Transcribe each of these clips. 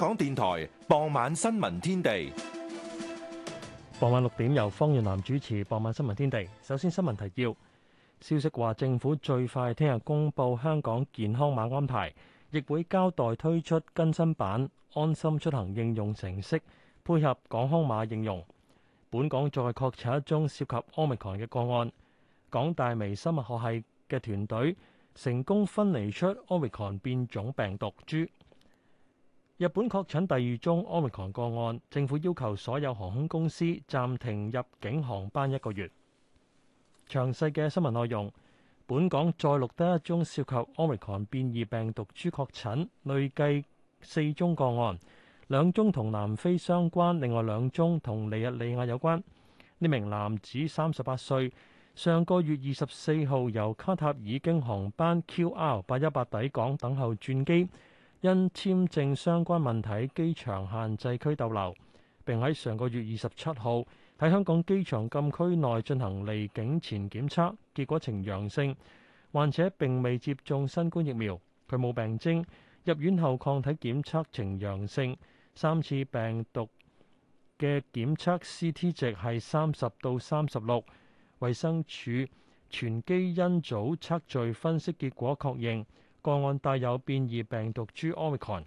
港電台傍晚新聞天地，傍晚六點由方遠南主持。傍晚新聞天地，首先新聞提要，消息話政府最快聽日公布香港健康碼安排，亦會交代推出更新版安心出行應用程式，配合港康碼應用。本港再確診一宗涉及 Omicron 嘅個案。港大微生物學系嘅團隊成功分離出 Omicron 變種病毒株。日本確診第二宗 Omicron 個案，政府要求所有航空公司暫停入境航班一個月。詳細嘅新聞內容，本港再錄得一宗涉及 Omicron 變異病毒株確診，累計四宗個案，兩宗同南非相關，另外兩宗同尼日利亞有關。呢名男子三十八歲，上個月二十四號由卡塔爾經航班 QR 八一八抵港，等候轉機。因簽證相關問題，機場限制區逗留，並喺上個月二十七號，喺香港機場禁區內進行離境前檢測，結果呈陽性。患者並未接種新冠疫苗，佢冇病徵，入院後抗體檢測呈陽性，三次病毒嘅檢測 CT 值係三十到三十六，衛生署全基因組測序分析結果確認。個案帶有變異病毒株 Omicron。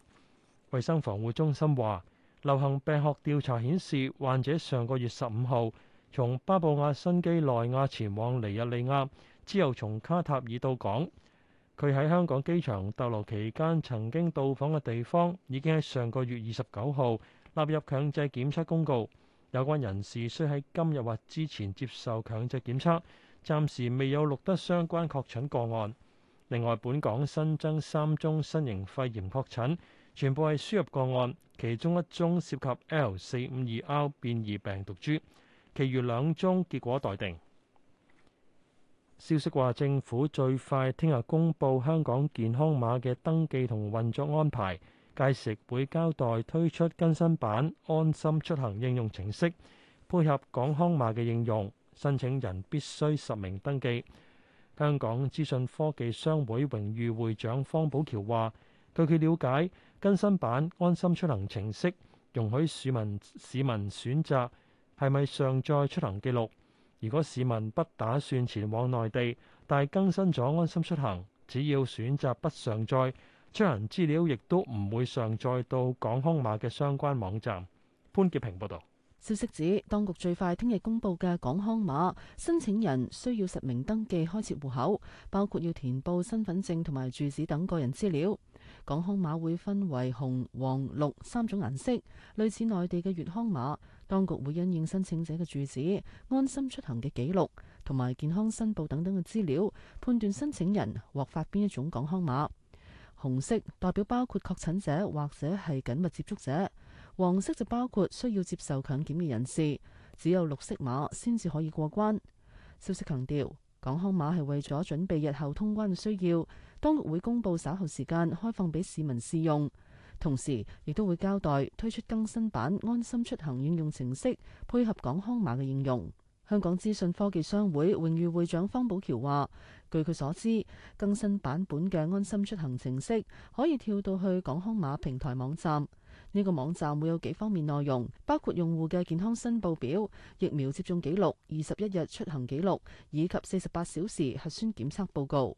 衞生防護中心話，流行病學調查顯示，患者上個月十五號從巴布亞新畿內亞前往尼日利亞，之後從卡塔爾到港。佢喺香港機場逗留期間曾經到訪嘅地方，已經喺上個月二十九號納入強制檢測公告。有關人士需喺今日或之前接受強制檢測。暫時未有錄得相關確診個案。另外，本港新增三宗新型肺炎確診，全部係輸入個案，其中一宗涉及 L 四五二 R 變異病毒株，其餘兩宗結果待定。消息話，政府最快聽日公布香港健康碼嘅登記同運作安排，屆時會交代推出更新版安心出行應用程式，配合港康碼嘅應用，申請人必須實名登記。香港資訊科技商會榮譽會長方寶橋話，據佢了解，更新版安心出行程式容許市民市民選擇係咪上載出行記錄。如果市民不打算前往內地，但更新咗安心出行，只要選擇不上載，出行資料亦都唔會上載到港康碼嘅相關網站。潘潔平報道。消息指，當局最快聽日公布嘅港康碼，申請人需要實名登記開設戶口，包括要填報身份證同埋住址等個人資料。港康碼會分為紅、黃、綠三種顏色，類似內地嘅粵康碼。當局會因應申請者嘅住址、安心出行嘅記錄同埋健康申報等等嘅資料，判斷申請人獲發邊一種港康碼。紅色代表包括確診者或者係緊密接觸者。黃色就包括需要接受強檢嘅人士，只有綠色碼先至可以過關。消息強調，港康碼係為咗準備日後通關嘅需要，當局會公布稍後時間開放俾市民試用。同時，亦都會交代推出更新版安心出行應用程式，配合港康碼嘅應用。香港資訊科技商會榮譽會長方寶橋話，據佢所知，更新版本嘅安心出行程式可以跳到去港康碼平台網站。呢個網站會有幾方面內容，包括用戶嘅健康申報表、疫苗接種記錄、二十一日出行記錄以及四十八小時核酸檢測報告。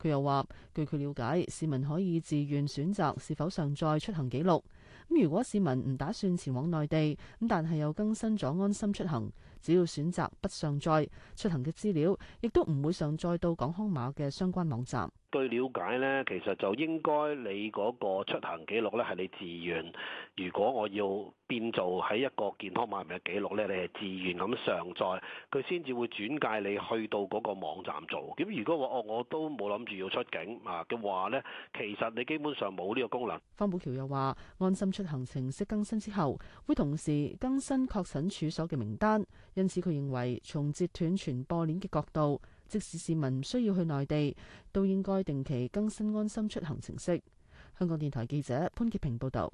佢又話，據佢了解，市民可以自願選擇是否上載出行記錄。咁如果市民唔打算前往內地，咁但係又更新咗安心出行，只要選擇不上載出行嘅資料，亦都唔會上載到港康碼嘅相關網站。據了解呢，其實就應該你嗰個出行記錄呢，係你自願。如果我要變做喺一個健康碼嘅記錄呢，你係自願咁上載，佢先至會轉介你去到嗰個網站做。咁如果我我都冇諗住要出境啊嘅話呢，其實你基本上冇呢個功能。方寶橋又話：安心出行程式更新之後，會同時更新確診處所嘅名單，因此佢認為從截斷傳播鏈嘅角度。即使市民唔需要去內地，都應該定期更新安心出行程式。香港電台記者潘潔平報導。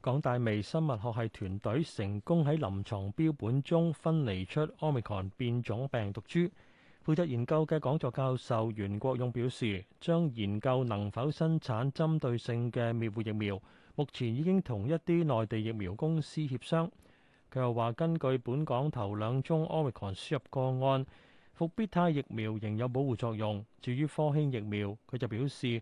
港大微生物學系團隊成功喺臨床標本中分離出 Omicron 變種病毒株。負責研究嘅講座教授袁國勇表示，將研究能否生產針對性嘅滅活疫苗。目前已經同一啲內地疫苗公司協商。佢又話，根據本港頭兩宗 Omicron 輸入個案。復必泰疫苗仍有保護作用，至於科興疫苗，佢就表示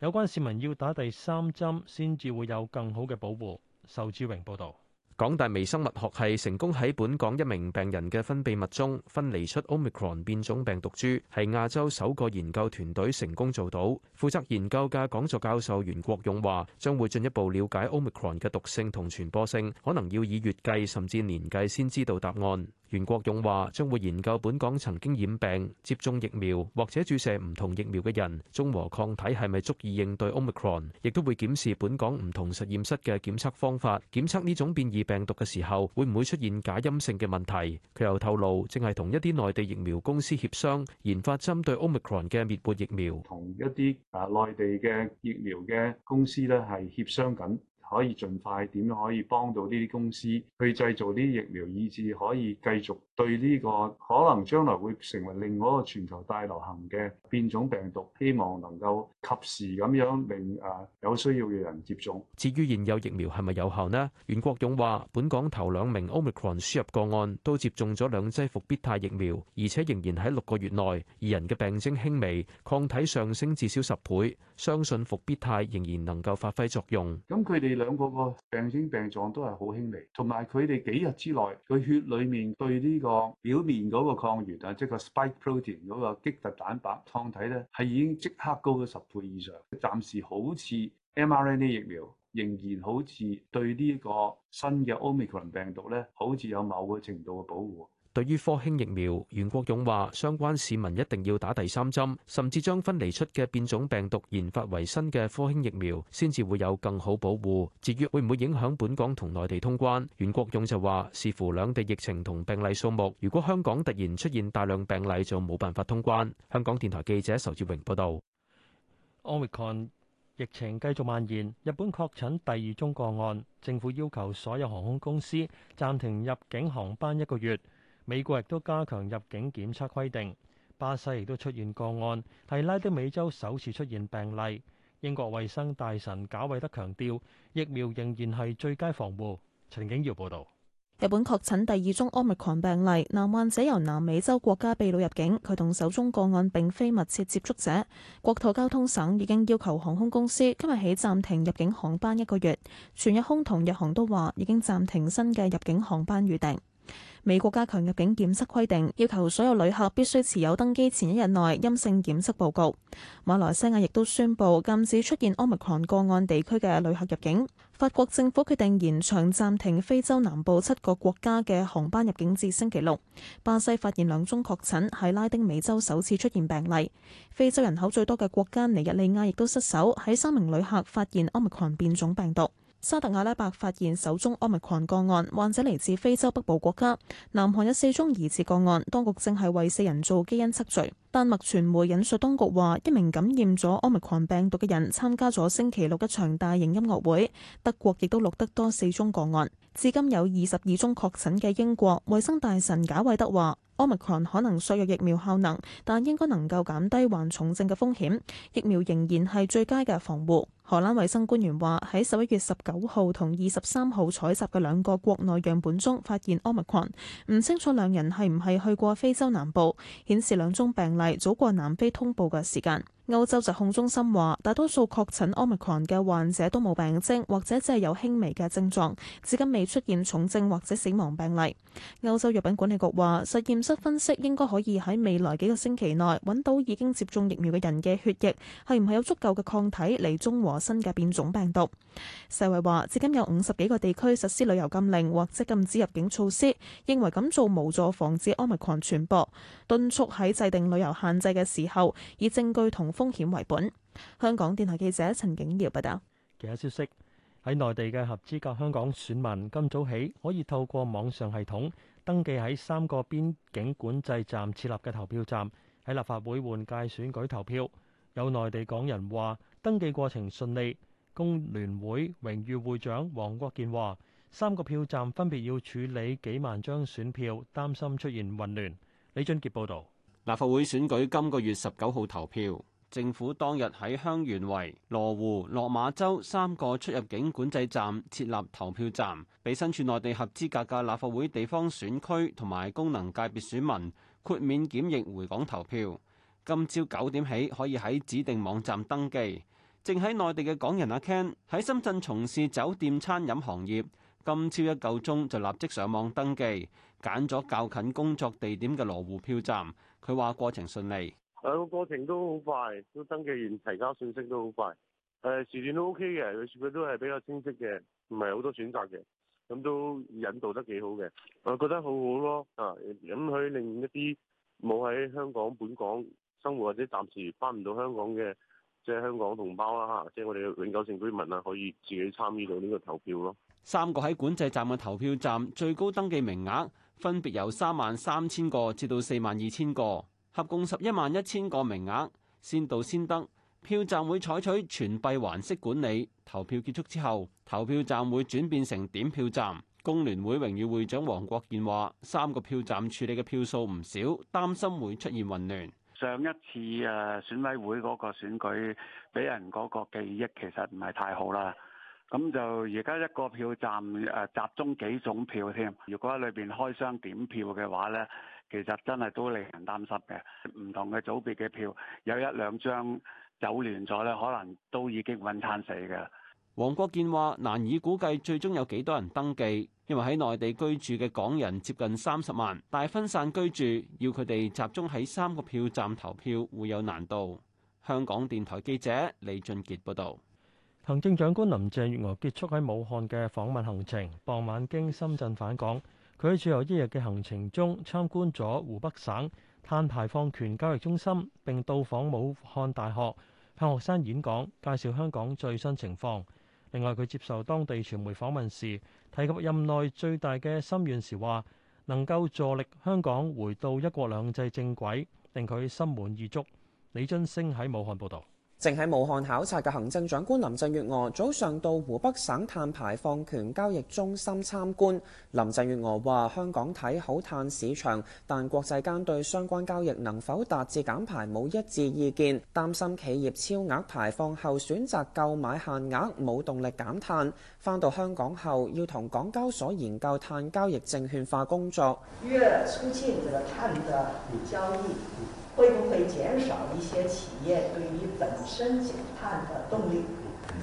有關市民要打第三針先至會有更好嘅保護。仇志榮報導。港大微生物學系成功喺本港一名病人嘅分泌物中分離出 Omicron 變種病毒株，係亞洲首個研究團隊成功做到。負責研究嘅講座教授袁國勇話，將會進一步了解 Omicron 嘅毒性同傳播性，可能要以月計甚至年計先知道答案。袁國勇話，將會研究本港曾經染病、接種疫苗或者注射唔同疫苗嘅人，中和抗體係咪足以應對 omicron？亦都會檢視本港唔同實驗室嘅檢測方法，檢測呢種變異病毒嘅時候，會唔會出現假陰性嘅問題？佢又透露，正係同一啲內地疫苗公司協商，研發針對 omicron 嘅滅活疫苗。同一啲啊，內地嘅疫苗嘅公司咧，係協商緊。可以盡快點樣可以幫到呢啲公司去製造啲疫苗，以至可以繼續對呢個可能將來會成為另外一個全球大流行嘅變種病毒，希望能夠及時咁樣令誒有需要嘅人接種。至於現有疫苗係咪有效呢？袁國勇話：本港頭兩名 Omicron 輸入個案都接種咗兩劑復必泰疫苗，而且仍然喺六個月內，二人嘅病徵輕微，抗體上升至少十倍，相信復必泰仍然能夠發揮作用。咁佢哋。兩個個病徵病狀都係好輕微，同埋佢哋幾日之內，佢血裡面對呢個表面嗰個抗原啊，即個 spike protein 嗰個激突蛋白抗體咧，係已經即刻高咗十倍以上。暫時好似 mRNA 疫苗，仍然好似對呢個新嘅 Omicron 病毒咧，好似有某個程度嘅保護。對於科興疫苗，袁國勇話：相關市民一定要打第三針，甚至將分離出嘅變種病毒研發為新嘅科興疫苗，先至會有更好保護。至於會唔會影響本港同內地通關，袁國勇就話：視乎兩地疫情同病例數目。如果香港突然出現大量病例，就冇辦法通關。香港電台記者仇志榮報導。Omicron 疫情繼續蔓延，日本確診第二宗個案，政府要求所有航空公司暫停入境航班一個月。美國亦都加強入境檢測規定，巴西亦都出現個案，係拉丁美洲首次出現病例。英國衛生大臣賈偉德強調，疫苗仍然係最佳防護。陳景耀報導。日本確診第二宗奧密克戎病例，男患者由南美洲國家秘魯入境，佢同首宗個案並非密切接觸者。國土交通省已經要求航空公司今日起暫停入境航班一個月。全日空同日航都話已經暫停新嘅入境航班預訂。美國加強入境檢測規定，要求所有旅客必須持有登機前一日內陰性檢測報告。馬來西亞亦都宣布禁止出現 Omicron 個案地區嘅旅客入境。法國政府決定延長暫停非洲南部七個國家嘅航班入境至星期六。巴西發現兩宗確診，喺拉丁美洲首次出現病例。非洲人口最多嘅國家尼日利亞亦都失守，喺三名旅客發現 Omicron 變種病毒。沙特阿拉伯發現首宗奧密克戎個案，患者嚟自非洲北部國家。南韓有四宗疑似個案，當局正係為四人做基因測序。丹麥傳媒引述當局話，一名感染咗奧密克戎病毒嘅人參加咗星期六一場大型音樂會。德國亦都錄得多四宗個案。至今有二十二宗確診嘅英國衛生大臣賈偉德話，奧密克戎可能削弱疫苗效能，但應該能夠減低患重症嘅風險。疫苗仍然係最佳嘅防護。荷蘭衛生官員話，喺十一月十九號同二十三號採集嘅兩個國內樣本中發現 Omicron，唔清楚兩人係唔係去過非洲南部，顯示兩宗病例早過南非通報嘅時間。歐洲疾控中心話，大多數確診奧密克戎嘅患者都冇病徵，或者只係有輕微嘅症狀，至今未出現重症或者死亡病例。歐洲藥品管理局話，實驗室分析應該可以喺未來幾個星期內揾到已經接種疫苗嘅人嘅血液，係唔係有足夠嘅抗體嚟中和新嘅變種病毒。世衛話，至今有五十幾個地區實施旅遊禁令或者禁止入境措施，認為咁做無助防止奧密克戎傳播，敦促喺制定旅遊限制嘅時候以證據同。風險為本。香港電台記者陳景瑤報道。其他消息，喺內地嘅合資格香港選民今早起可以透過網上系統登記喺三個邊境管制站設立嘅投票站喺立法會換屆選舉投票。有內地港人話登記過程順利。工聯會榮譽會長黃國健話，三個票站分別要處理幾萬張選票，擔心出現混亂。李俊杰報道。立法會選舉今個月十九號投票。政府當日喺香園圍、羅湖、落馬洲三個出入境管制站設立投票站，俾身處內地合資格嘅立法會地方選區同埋功能界別選民豁免檢疫回港投票。今朝九點起可以喺指定網站登記。正喺內地嘅港人阿 Ken 喺深圳從事酒店餐飲行業，今朝一夠鐘就立即上網登記，揀咗較近工作地點嘅羅湖票站。佢話過程順利。誒，個過程都好快，都登記完提交信息，都好快。誒，時段都 OK 嘅，佢全都係比較清晰嘅，唔係好多選擇嘅，咁都引導得幾好嘅。我覺得好好咯，啊、嗯，咁可以令一啲冇喺香港本港生活或者暫時翻唔到香港嘅，即係香港同胞啦嚇，即係我哋永久性居民啊，可以自己參與到呢個投票咯。三個喺管制站嘅投票站最高登記名額分別由三萬三千個至到四萬二千個。合共十一萬一千個名額，先到先得。票站會採取全閉環式管理。投票結束之後，投票站會轉變成點票站。工聯會榮譽會長黃國健話，三個票站處理嘅票數唔少，擔心會出現混亂。上一次誒選委會嗰個選舉，俾人嗰個記憶其實唔係太好啦。咁就而家一個票站誒集中幾種票添，如果喺裏邊開箱點票嘅話咧。其實真係都令人擔心嘅，唔同嘅組別嘅票有一兩張走亂咗咧，可能都已經揾餐死嘅。黃國健話：難以估計最終有幾多人登記，因為喺內地居住嘅港人接近三十萬，大分散居住，要佢哋集中喺三個票站投票會有難度。香港電台記者李俊傑報導。行政長官林鄭月娥結束喺武漢嘅訪問行程，傍晚經深圳返港。佢喺最後一日嘅行程中，參觀咗湖北省碳排放權交易中心，並到訪武漢大學向學生演講，介紹香港最新情況。另外，佢接受當地傳媒訪問時，提及任內最大嘅心願時，話能夠助力香港回到一國兩制正軌，令佢心滿意足。李津升喺武漢報道。正喺武漢考察嘅行政長官林鄭月娥早上到湖北省碳排放權交易中心參觀。林鄭月娥話：香港睇好碳市場，但國際間對相關交易能否達至減排冇一致意見，擔心企業超額排放後選擇購買限額，冇動力減碳。返到香港後，要同港交所研究碳交易證券化工作。會唔會減少一些企業對於本身減碳的動力？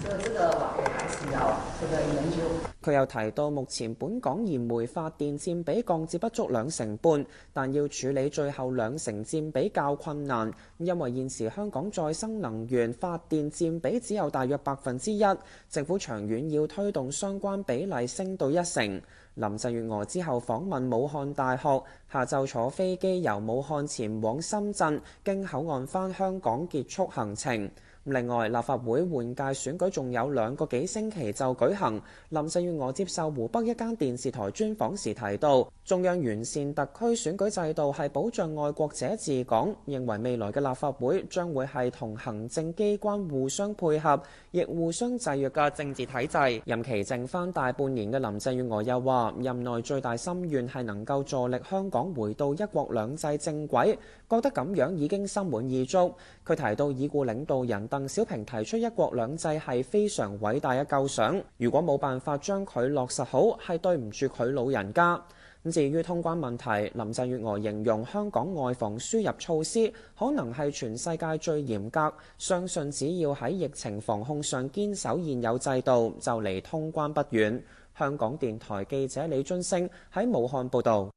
所以這個我哋還是要這個研究。佢又提到，目前本港燃煤發電佔比降至不足兩成半，但要處理最後兩成佔比較困難，因為現時香港再生能源發電佔比只有大約百分之一，政府長遠要推動相關比例升到一成。林鄭月娥之後訪問武漢大學，下晝坐飛機由武漢前往深圳，經口岸返香港結束行程。另外，立法會換屆選舉仲有兩個幾星期就舉行，林鄭月娥接受湖北一間電視台專訪時提到，中央完善特區選舉制度係保障愛國者治港，認為未來嘅立法會將會係同行政機關互相配合，亦互相制約嘅政治體制。任期剩翻大半年嘅林鄭月娥又話：任內最大心願係能夠助力香港回到一國兩制正軌，覺得咁樣已經心滿意足。佢提到已故領導人鄧小平提出一國兩制係非常偉大嘅構想，如果冇辦法將佢落實好，係對唔住佢老人家。至於通關問題，林鄭月娥形容香港外防輸入措施可能係全世界最嚴格，相信只要喺疫情防控上堅守現有制度，就離通關不遠。香港電台記者李津星喺武漢報道。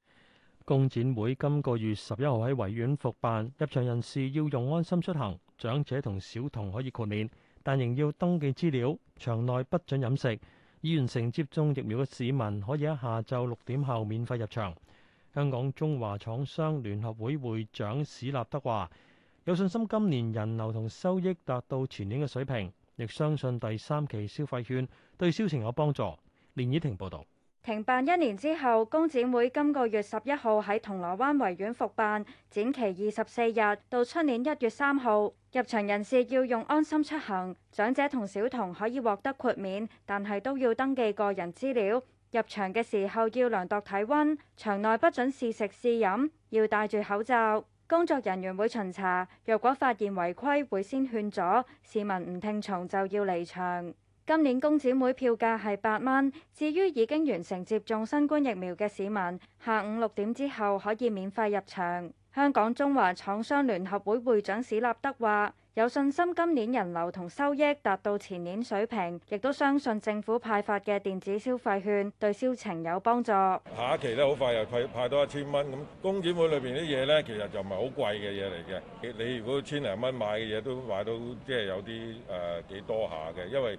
工展會今個月十一號喺維園復辦，入場人士要用安心出行，長者同小童可以豁免，但仍要登記資料，場內不准飲食。已完成接種疫苗嘅市民可以喺下晝六點後免費入場。香港中華廠商聯合會會長史立德話：有信心今年人流同收益達到前年嘅水平，亦相信第三期消費券對銷情有幫助。連以婷報道：停辦一年之後，工展會今個月十一號喺銅鑼灣維園復辦，展期二十四日到出年一月三號。入場人士要用安心出行，長者同小童可以獲得豁免，但係都要登記個人資料。入場嘅時候要量度體溫，場內不准試食試飲，要戴住口罩。工作人員會巡查，若果發現違規，會先勸阻，市民唔聽從就要離場。今年工展會票價係八蚊，至於已經完成接種新冠疫苗嘅市民，下午六點之後可以免費入場。香港中華廠商聯合會會長史立德話：有信心今年人流同收益達到前年水平，亦都相信政府派發嘅電子消費券對銷情有幫助。下一期咧好快又派派多一千蚊咁，工展會裏邊啲嘢咧其實就唔係好貴嘅嘢嚟嘅。你如果千零蚊買嘅嘢都買到即係、就是、有啲誒、呃、幾多下嘅，因為。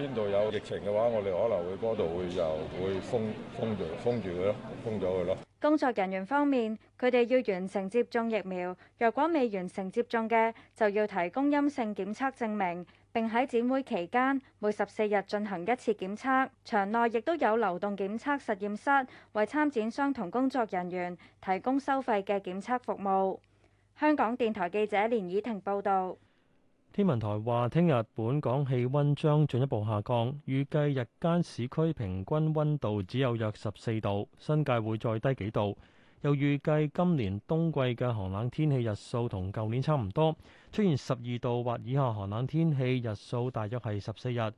邊度有疫情嘅話，我哋可能會嗰度會就會封封住封住佢咯，封咗佢咯。工作人員方面，佢哋要完成接種疫苗，若果未完成接種嘅，就要提供陰性檢測證明。並喺展會期間每十四日進行一次檢測。場內亦都有流動檢測實驗室，為參展商同工作人員提供收費嘅檢測服務。香港電台記者連以婷報導。天文台話，聽日本港氣溫將進一步下降，預計日間市區平均溫度只有約十四度，新界會再低幾度。又預計今年冬季嘅寒冷天氣日數同舊年差唔多，出現十二度或以下寒冷天氣日數大約係十四日。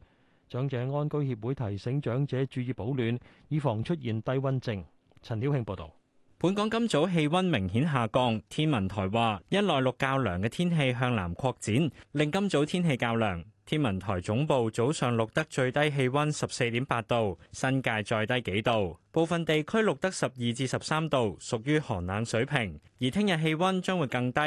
長者安居協會提醒長者注意保暖，以防出現低溫症。陳曉慶報道。本港今早氣溫明顯下降，天文台話一內陸較涼嘅天氣向南擴展，令今早天氣較涼。天文台總部早上錄得最低氣溫十四點八度，新界再低幾度。部分地區錄得十二至十三度，屬於寒冷水平。而聽日氣溫將會更低，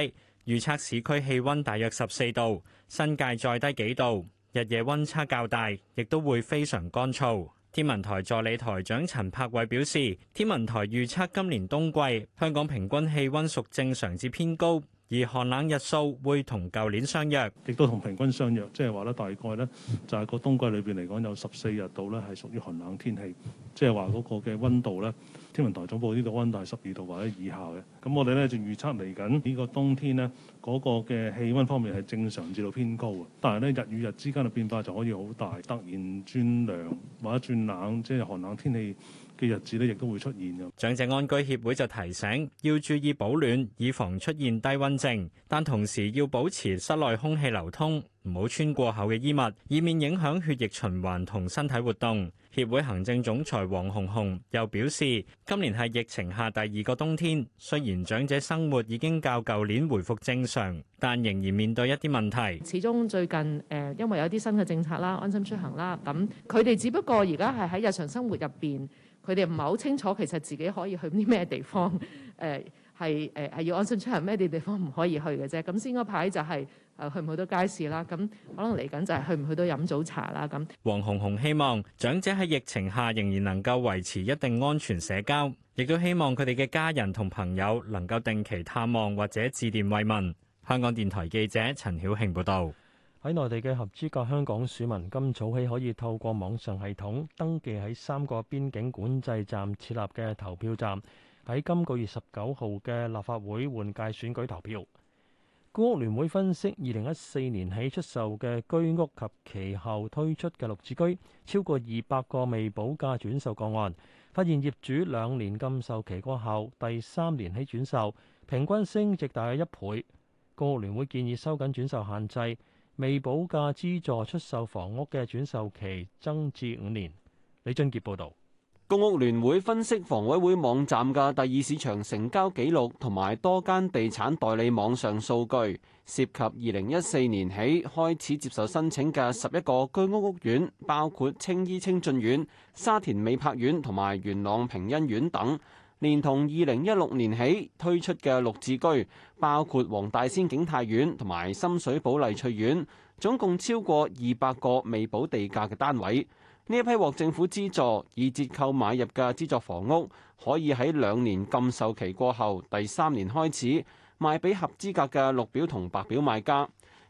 預測市區氣溫大約十四度，新界再低幾度。日夜温差較大，亦都會非常乾燥。天文台助理台長陳柏偉表示，天文台預測今年冬季香港平均氣溫屬正常至偏高，而寒冷日數會同舊年相若，亦都同平均相若，即係話咧，大概咧就係個冬季裏邊嚟講有十四日度咧係屬於寒冷天氣，即係話嗰個嘅溫度咧。天文台總部呢度溫度係十二度或者以下嘅，咁我哋咧就預測嚟緊呢個冬天呢，嗰個嘅氣溫方面係正常至到偏高嘅，但係咧日與日之間嘅變化就可以好大，突然轉涼或者轉冷，即係寒冷天氣嘅日子咧，亦都會出現嘅。長者安居協會就提醒要注意保暖，以防出現低溫症，但同時要保持室內空氣流通。唔好穿過厚嘅衣物，以免影響血液循環同身體活動。協會行政總裁黃紅紅又表示，今年係疫情下第二個冬天，雖然長者生活已經較舊年回復正常，但仍然面對一啲問題。始終最近，誒、呃，因為有啲新嘅政策啦、啊，安心出行啦，咁佢哋只不過而家係喺日常生活入邊，佢哋唔係好清楚其實自己可以去啲咩地方，誒、啊。係誒係要安心出行，咩啲地方唔可以去嘅啫，咁先嗰排就係、是、誒、呃、去唔去到街市啦，咁可能嚟緊就係去唔去到飲早茶啦咁。黃紅紅希望長者喺疫情下仍然能夠維持一定安全社交，亦都希望佢哋嘅家人同朋友能夠定期探望或者致電慰問。香港電台記者陳曉慶報道：「喺內地嘅合資格香港市民今早起可以透過網上系統登記喺三個邊境管制站設立嘅投票站。喺今個月十九號嘅立法會換屆選舉投票，公屋聯會分析二零一四年起出售嘅居屋及其後推出嘅綠置居，超過二百個未保價轉售個案，發現業主兩年禁售期過後，第三年起轉售平均升值大約一倍。公屋聯會建議收緊轉售限制，未保價資助出售房屋嘅轉售期增至五年。李俊傑報導。公屋聯會分析房委會網站嘅第二市場成交記錄，同埋多間地產代理網上數據，涉及二零一四年起開始接受申請嘅十一個居屋屋苑，包括青衣青俊苑、沙田美柏苑同埋元朗屏欣苑等，連同二零一六年起推出嘅綠置居，包括黃大仙景泰苑同埋深水埗麗翠苑，總共超過二百個未補地價嘅單位。呢一批獲政府資助以折扣買入嘅資助房屋，可以喺兩年禁售期過後，第三年開始賣俾合資格嘅綠表同白表買家。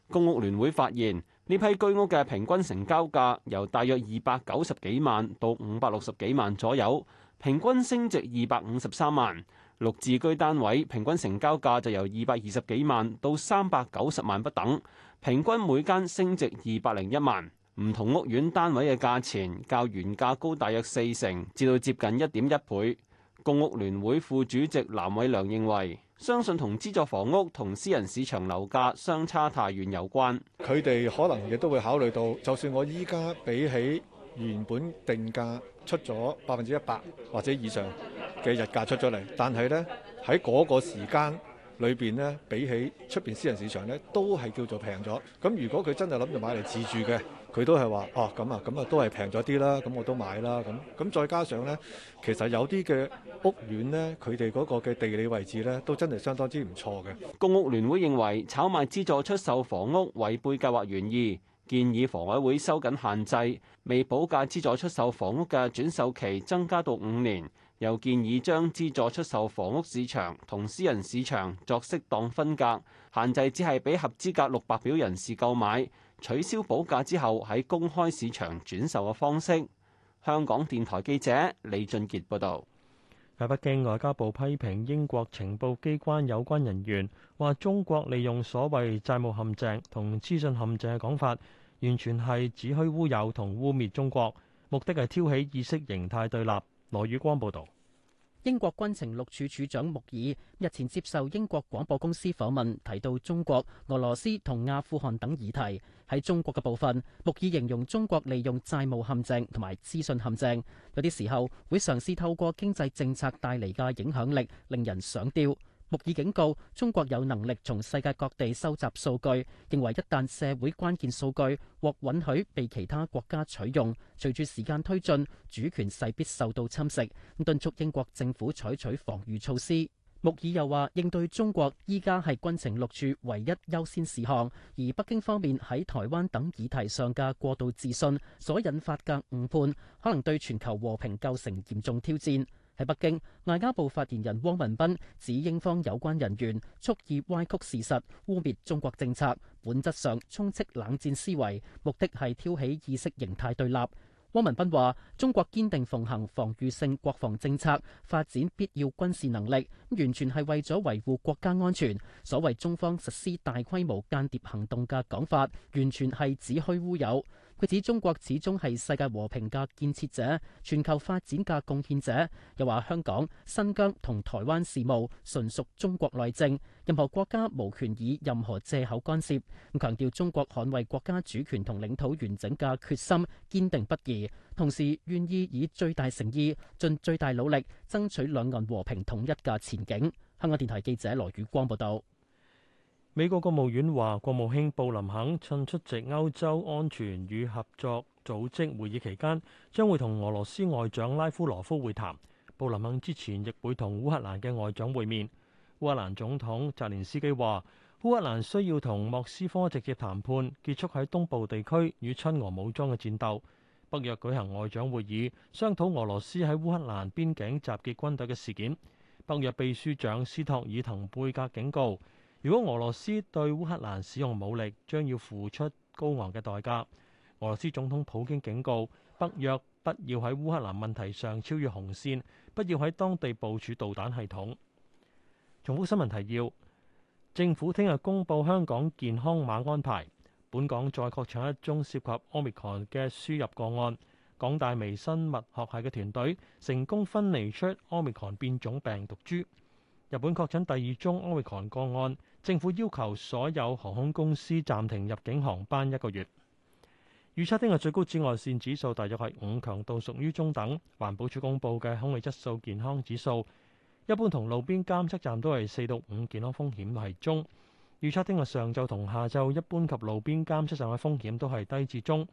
公屋聯會發現，呢批居屋嘅平均成交價由大約二百九十幾萬到五百六十幾萬左右，平均升值二百五十三萬。綠置居單位平均成交價就由二百二十幾萬到三百九十萬不等，平均每間升值二百零一萬。唔同屋苑單位嘅價錢較原價高，大約四成，至到接近一點一倍。公屋聯會副主席藍偉良認為，相信同資助房屋同私人市場樓價相差太遠有關。佢哋可能亦都會考慮到，就算我依家比起原本定價出咗百分之一百或者以上嘅日價出咗嚟，但係呢喺嗰個時間裏邊呢，比起出邊私人市場呢，都係叫做平咗。咁如果佢真係諗住買嚟自住嘅，佢都係話：哦，咁啊，咁啊，都係平咗啲啦，咁我都買啦。咁咁再加上呢，其實有啲嘅屋苑呢，佢哋嗰個嘅地理位置呢，都真係相當之唔錯嘅。公屋聯會認為炒賣資助出售房屋違背計劃原意，建議房委會收緊限制未補價資助出售房屋嘅轉售期，增加到五年。又建議將資助出售房屋市場同私人市場作適當分隔，限制只係俾合資格綠表人士購買。取消保價之後，喺公開市場轉售嘅方式。香港電台記者李俊傑報導。喺北京外交部批評英國情報機關有關人員話：中國利用所謂債務陷阱同資訊陷阱嘅講法，完全係子虛烏有同污蔑中國，目的係挑起意識形態對立。羅宇光報導。英國軍情六處處長穆爾日前接受英國廣播公司訪問，提到中國、俄羅斯同阿富汗等議題。喺中國嘅部分，穆爾形容中國利用債務陷阱同埋資訊陷阱，有啲時候會嘗試透過經濟政策帶嚟嘅影響力，令人上釣。木爾警告中國有能力從世界各地收集數據，認為一旦社會關鍵數據獲允許被其他國家取用，隨住時間推進，主權勢必受到侵蝕，敦促英國政府採取防禦措施。木爾又話，應對中國依家係軍情六處唯一優先事項，而北京方面喺台灣等議題上嘅過度自信所引發嘅誤判，可能對全球和平構成嚴重挑戰。喺北京，外交部發言人汪文斌指英方有關人員蓄意歪曲事實、污蔑中國政策，本質上充斥冷戰思維，目的係挑起意識形態對立。汪文斌話：中國堅定奉行防禦性國防政策，發展必要軍事能力，完全係為咗維護國家安全。所謂中方實施大規模間諜行動嘅講法，完全係子虛烏有。佢指中國始終係世界和平嘅建設者、全球發展嘅貢獻者，又話香港、新疆同台灣事務純屬中國內政，任何國家無權以任何借口干涉。咁強調中國捍衛國家主權同領土完整嘅決心堅定不移，同時願意以最大誠意、盡最大努力爭取兩岸和平統一嘅前景。香港電台記者羅宇光報道。美國國務院話，國務卿布林肯趁出席歐洲安全與合作組織會議期間，將會同俄羅斯外長拉夫羅夫會談。布林肯之前亦會同烏克蘭嘅外長會面。烏克蘭總統澤連斯基話，烏克蘭需要同莫斯科直接談判，結束喺東部地區與親俄武裝嘅戰鬥。北約舉行外長會議，商討俄羅斯喺烏克蘭邊境集結軍隊嘅事件。北約秘書長斯托爾滕貝格警告。如果俄羅斯對烏克蘭使用武力，將要付出高昂嘅代價。俄羅斯總統普京警告北約不要喺烏克蘭問題上超越紅線，不要喺當地部署導彈系統。重複新聞提要：政府聽日公布香港健康碼安排。本港再確診一宗涉及 Omicron 嘅輸入個案。港大微生物學系嘅團隊成功分離出 Omicron 變種病毒株。日本確診第二宗 Omicron 個案。政府要求所有航空公司暫停入境航班一個月。預測聽日最高紫外線指數大約係五，強度屬於中等。環保署公布嘅空氣質素健康指數，一般同路邊監測站都係四到五，健康風險係中。預測聽日上晝同下晝一般及路邊監測站嘅風險都係低至中。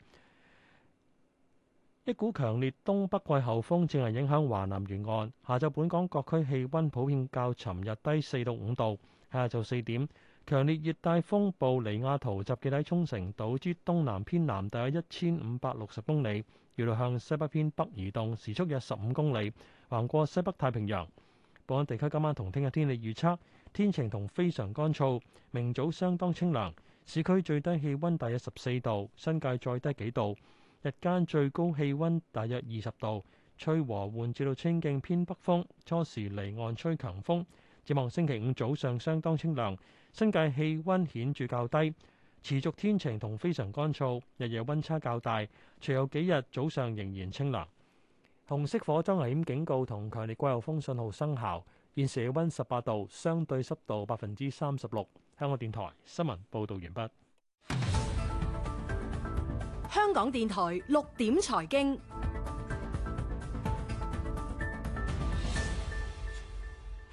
一股強烈東北季候風正係影響華南沿岸，下晝本港各區氣温普遍較尋日低四到五度。下晝四點，強烈熱帶風暴尼亞圖集結喺沖繩島之東南偏南，大約一千五百六十公里，預料向西北偏北移動，時速約十五公里，橫過西北太平洋。保安地區今晚同聽日天氣預測，天晴同非常乾燥，明早相當清涼，市區最低氣温大約十四度，新界再低幾度，日間最高氣温大約二十度，吹和緩至到清勁偏北風，初時離岸吹強風。展望星期五早上相當清涼，新界氣温顯著較低，持續天晴同非常乾燥，日夜温差較大。隨後幾日早上仍然清涼。紅色火災危險警告同強烈季候風信號生效。現時氣温十八度，相對濕度百分之三十六。香港電台新聞報道完畢。香港電台六點財經。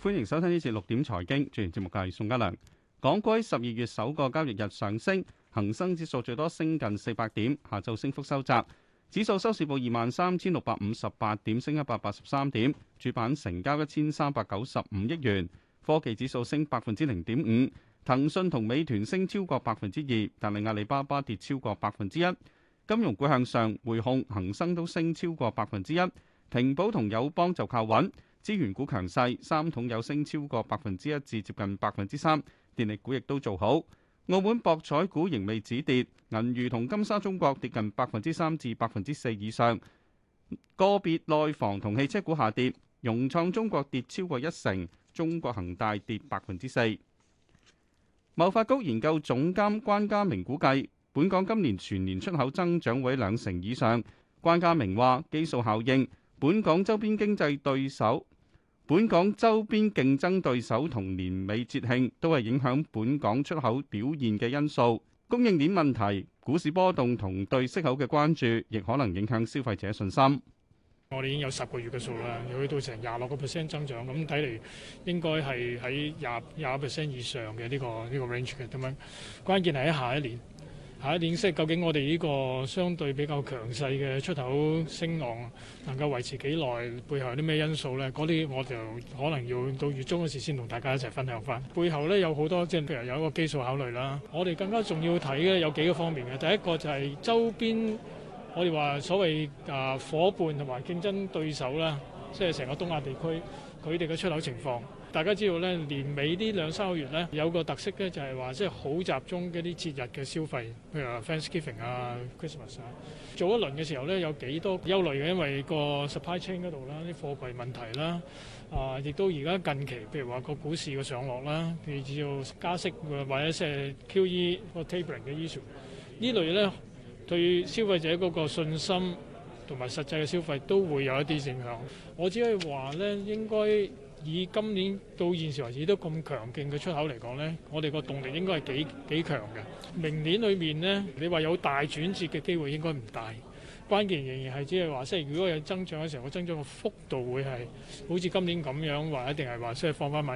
歡迎收聽呢次六點財經，主持節目嘅係宋家良。港股十二月首個交易日上升，恒生指數最多升近四百點，下晝升幅收窄，指數收市報二萬三千六百五十八點，升一百八十三點，主板成交一千三百九十五億元。科技指數升百分之零點五，騰訊同美團升超過百分之二，但係阿里巴巴跌超過百分之一。金融股向上，匯控，恒生都升超過百分之一，平保同友邦就靠穩。資源股強勢，三桶有升超過百分之一至接近百分之三，電力股亦都做好。澳門博彩股仍未止跌，銀娛同金沙中國跌近百分之三至百分之四以上。個別內房同汽車股下跌，融創中國跌超過一成，中國恒大跌百分之四。貿發局研究總監關家明估計，本港今年全年出口增長會兩成以上。關家明話：基數效應，本港周邊經濟對手。本港周邊競爭對手同年尾節慶都係影響本港出口表現嘅因素，供應鏈問題、股市波動同對息口嘅關注，亦可能影響消費者信心。我哋已經有十個月嘅數啦，又去到成廿六個 percent 增長，咁睇嚟應該係喺廿廿 percent 以上嘅呢個呢個 range 嘅。咁樣，關鍵係喺下一年。下一點即係究竟我哋呢個相對比較強勢嘅出口升浪能夠維持幾耐？背後有啲咩因素咧？嗰啲我就可能要到月中嗰時先同大家一齊分享翻。背後咧有好多即係譬如有一個基數考慮啦。我哋更加重要睇嘅有幾個方面嘅。第一個就係周邊我哋話所謂啊夥伴同埋競爭對手啦，即係成個東亞地區佢哋嘅出口情況。大家知道咧，年尾呢兩三個月咧，有個特色咧，就係話即係好集中嗰啲節日嘅消費，譬如話 Thanksgiving 啊，Christmas 啊，做一輪嘅時候咧，有幾多憂慮嘅，因為個 supply chain 嗰度啦，啲貨櫃問題啦，啊，啊，亦都而家近期譬如話個股市嘅上落啦，啊，譬如只要加息或者即係 QE 個 tapering 嘅 issue，呢類咧對消費者嗰個信心同埋實際嘅消費都會有一啲影響。我只可以話咧，應該。以今年到現時為止都咁強勁嘅出口嚟講呢，我哋個動力應該係幾幾強嘅。明年裏面呢，你話有大轉折嘅機會應該唔大。關鍵仍然係只係話，即係如果有增長嘅時候，個增長嘅幅度會係好似今年咁樣，或一定係話即係放翻埋。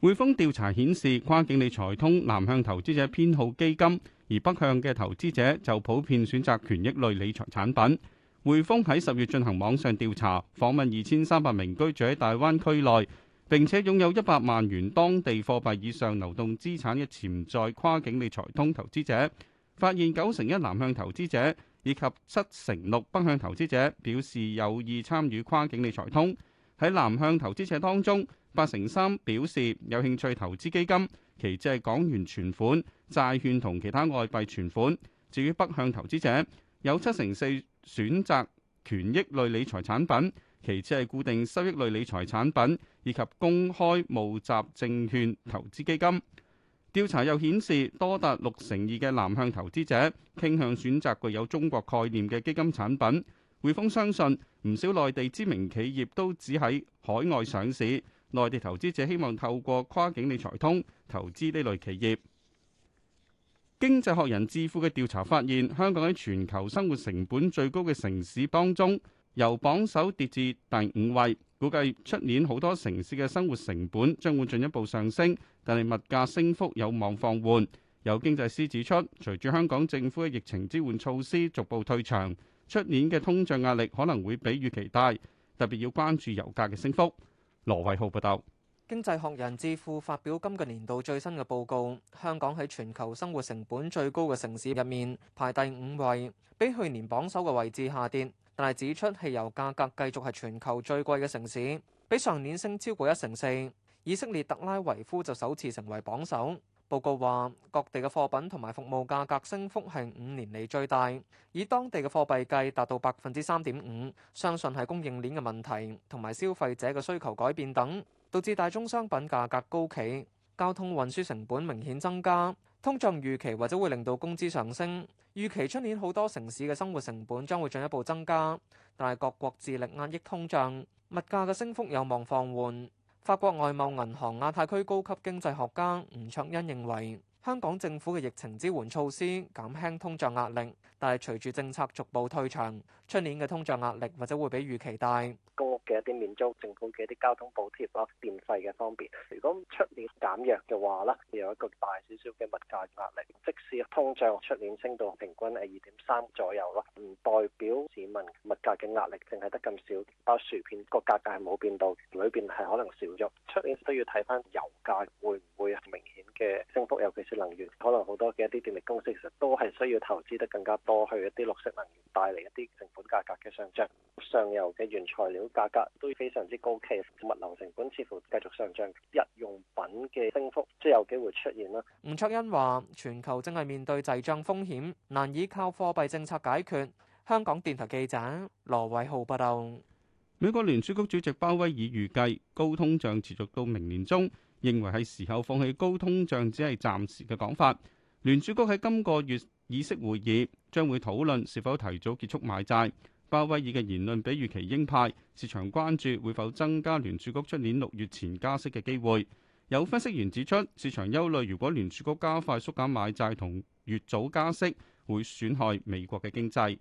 匯豐調查顯示，跨境理財通南向投資者偏好基金，而北向嘅投資者就普遍選擇權益類理財產品。匯豐喺十月進行網上調查，訪問二千三百名居住喺大灣區內並且擁有一百萬元當地貨幣以上流動資產嘅潛在跨境理財通投資者，發現九成一南向投資者以及七成六北向投資者表示有意參與跨境理財通。喺南向投資者當中，八成三表示有興趣投資基金，其次係港元存款、債券同其他外幣存款。至於北向投資者，有七成四選擇權益類理財產品，其次係固定收益類理財產品，以及公開募集證券投資基金。調查又顯示，多達六成二嘅南向投資者傾向選擇具有中國概念嘅基金產品。匯豐相信，唔少內地知名企業都只喺海外上市，內地投資者希望透過跨境理財通投資呢類企業。經濟學人智庫嘅調查發現，香港喺全球生活成本最高嘅城市當中，由榜首跌至第五位。估計出年好多城市嘅生活成本將會進一步上升，但係物價升幅有望放緩，有經濟師指出，隨住香港政府嘅疫情支援措施逐步退場，出年嘅通脹壓力可能會比預期大，特別要關注油價嘅升幅。羅偉浩報道。經濟學人智庫發表今個年度最新嘅報告，香港喺全球生活成本最高嘅城市入面排第五位，比去年榜首嘅位置下跌。但係指出，汽油價格繼續係全球最貴嘅城市，比上年升超過一成四。以色列特拉維夫就首次成為榜首。報告話，各地嘅貨品同埋服務價格升幅係五年嚟最大，以當地嘅貨幣計達到百分之三點五，相信係供應鏈嘅問題同埋消費者嘅需求改變等。導致大宗商品價格高企，交通運輸成本明顯增加，通脹預期或者會令到工資上升。預期出年好多城市嘅生活成本將會進一步增加，但係各國致力壓抑通脹，物價嘅升幅有望放緩。法國外貿銀行亞太區高級經濟學家吳卓恩認為，香港政府嘅疫情支援措施減輕通脹壓力，但係隨住政策逐步退場，出年嘅通脹壓力或者會比預期大。公屋嘅一啲免租、政府嘅一啲交通補貼啦電費嘅方面。如果出年減弱嘅話啦，又有一個大少少嘅物價壓力，即使通脹出年升到平均係二點三左右啦，唔代表市民物價嘅壓力淨係得咁少。包薯片個價格係冇變到，裏邊係可能少咗。出年需要睇翻油價會唔會明顯嘅升幅，尤其是能源，可能好多嘅一啲電力公司其實都係需要投資得更加多去一啲綠色能源，帶嚟一啲成本價格嘅上漲上游嘅原材料。價格都非常之高企，物流成本似乎繼續上漲，日用品嘅升幅即有機會出現啦。吳卓欣話：全球正係面對滯脹風險，難以靠貨幣政策解決。香港電台記者羅偉浩報導。美國聯儲局主席鮑威爾預計高通脹持續到明年中，認為係時候放棄高通脹只係暫時嘅講法。聯儲局喺今個月議息會議將會討論是否提早結束買債。鮑威爾嘅言論比預期鷹派，市場關注會否增加聯儲局出年六月前加息嘅機會。有分析員指出，市場憂慮如果聯儲局加快縮減買債同越早加息，會損害美國嘅經濟。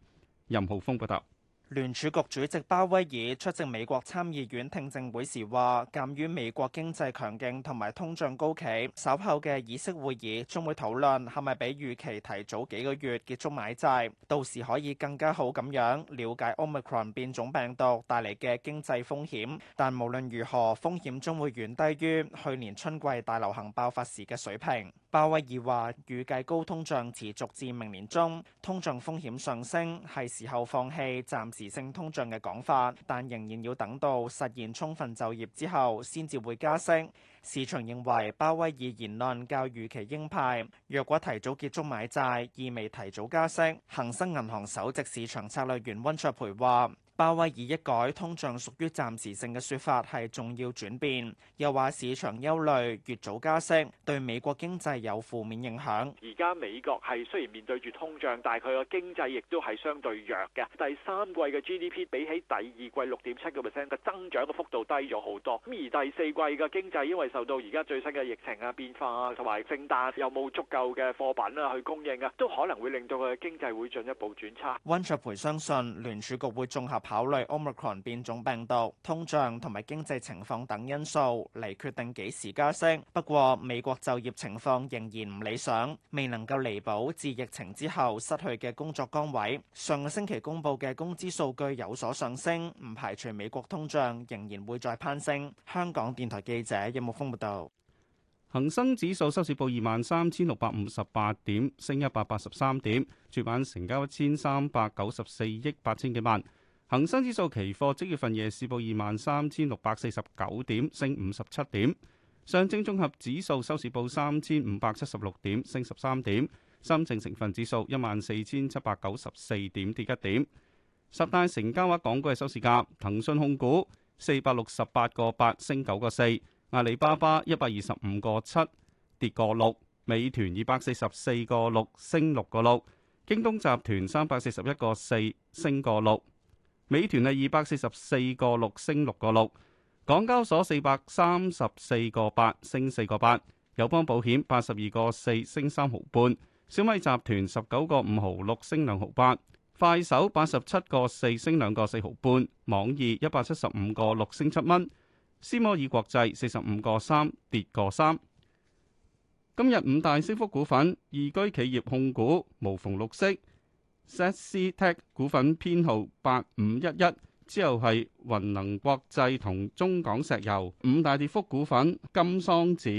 任浩峰報道。聯儲局主席鮑威爾出席美國參議院聽證會時話，鑒於美國經濟強勁同埋通脹高企，稍後嘅議息會議將會討論係咪比預期提早幾個月結束買債。到時可以更加好咁樣了解 Omicron 變種病毒帶嚟嘅經濟風險。但無論如何，風險將會遠低於去年春季大流行爆發時嘅水平。鮑威爾話：預計高通脹持續至明年中，通脹風險上升，係時候放棄暫時性通脹嘅講法，但仍然要等到實現充分就業之後，先至會加息。市場認為鮑威爾言論較預期鷹派，若果提早結束買債，意味提早加息。恒生銀行首席市場策略員溫卓培話。鮑威爾一改通脹屬於暫時性嘅說法係重要轉變，又話市場憂慮越早加息對美國經濟有負面影響。而家美國係雖然面對住通脹，但係佢個經濟亦都係相對弱嘅。第三季嘅 GDP 比起第二季六點七個 percent 嘅增長嘅幅度低咗好多。咁而第四季嘅經濟因為受到而家最新嘅疫情啊變化啊，同埋聖誕有冇足夠嘅貨品啦、啊、去供應啊，都可能會令到佢經濟會進一步轉差。溫卓培相信聯儲局會綜合。考慮 Omicron 變種病毒、通脹同埋經濟情況等因素嚟決定幾時加息。不過，美國就業情況仍然唔理想，未能夠彌補自疫情之後失去嘅工作崗位。上個星期公布嘅工資數據有所上升，唔排除美國通脹仍然會再攀升。香港電台記者任木峰報道。恒生指數收市報二萬三千六百五十八點，升一百八十三點，主板成交一千三百九十四億八千幾萬。恒生指數期貨即月份夜市報二萬三千六百四十九點，升五十七點。上證綜合指數收市報三千五百七十六點，升十三點。深證成分指數一萬四千七百九十四點，跌一點。十大成交額港股嘅收市價：騰訊控股四百六十八個八，升九個四；阿里巴巴一百二十五個七，跌個六；美團二百四十四個六，升六個六；京東集團三百四十一個四，升個六。美團係二百四十四個六升六個六，港交所四百三十四個八升四個八，友邦保險八十二個四升三毫半，小米集團十九個五毫六升兩毫八，快手八十七個四升兩個四毫半，網易一百七十五個六升七蚊，思摩爾國際四十五個三跌個三。今日五大升幅股份，易居企業控股，無縫綠色。s CST 股份，編號八五一一，之後係雲能國際同中港石油。五大跌幅股份：金桑子、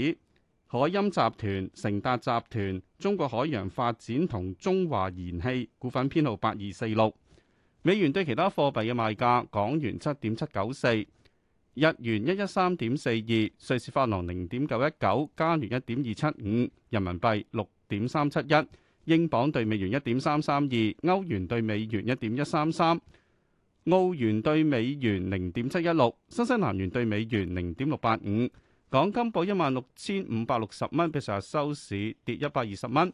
海音集團、成達集團、中國海洋發展同中華燃氣股份，編號八二四六。美元對其他貨幣嘅賣價：港元七點七九四，日元一一三點四二，瑞士法郎零點九一九，加元一點二七五，人民幣六點三七一。英鎊兌美元一點三三二，歐元兌美元一點一三三，澳元兌美元零點七一六，新西蘭元兌美元零點六八五。港金報一萬六千五百六十蚊，比上日收市跌一百二十蚊。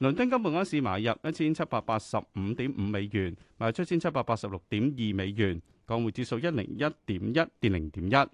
倫敦金每盎司買入一千七百八十五點五美元，賣出一千七百八十六點二美元。港匯指數一零一點一跌零點一。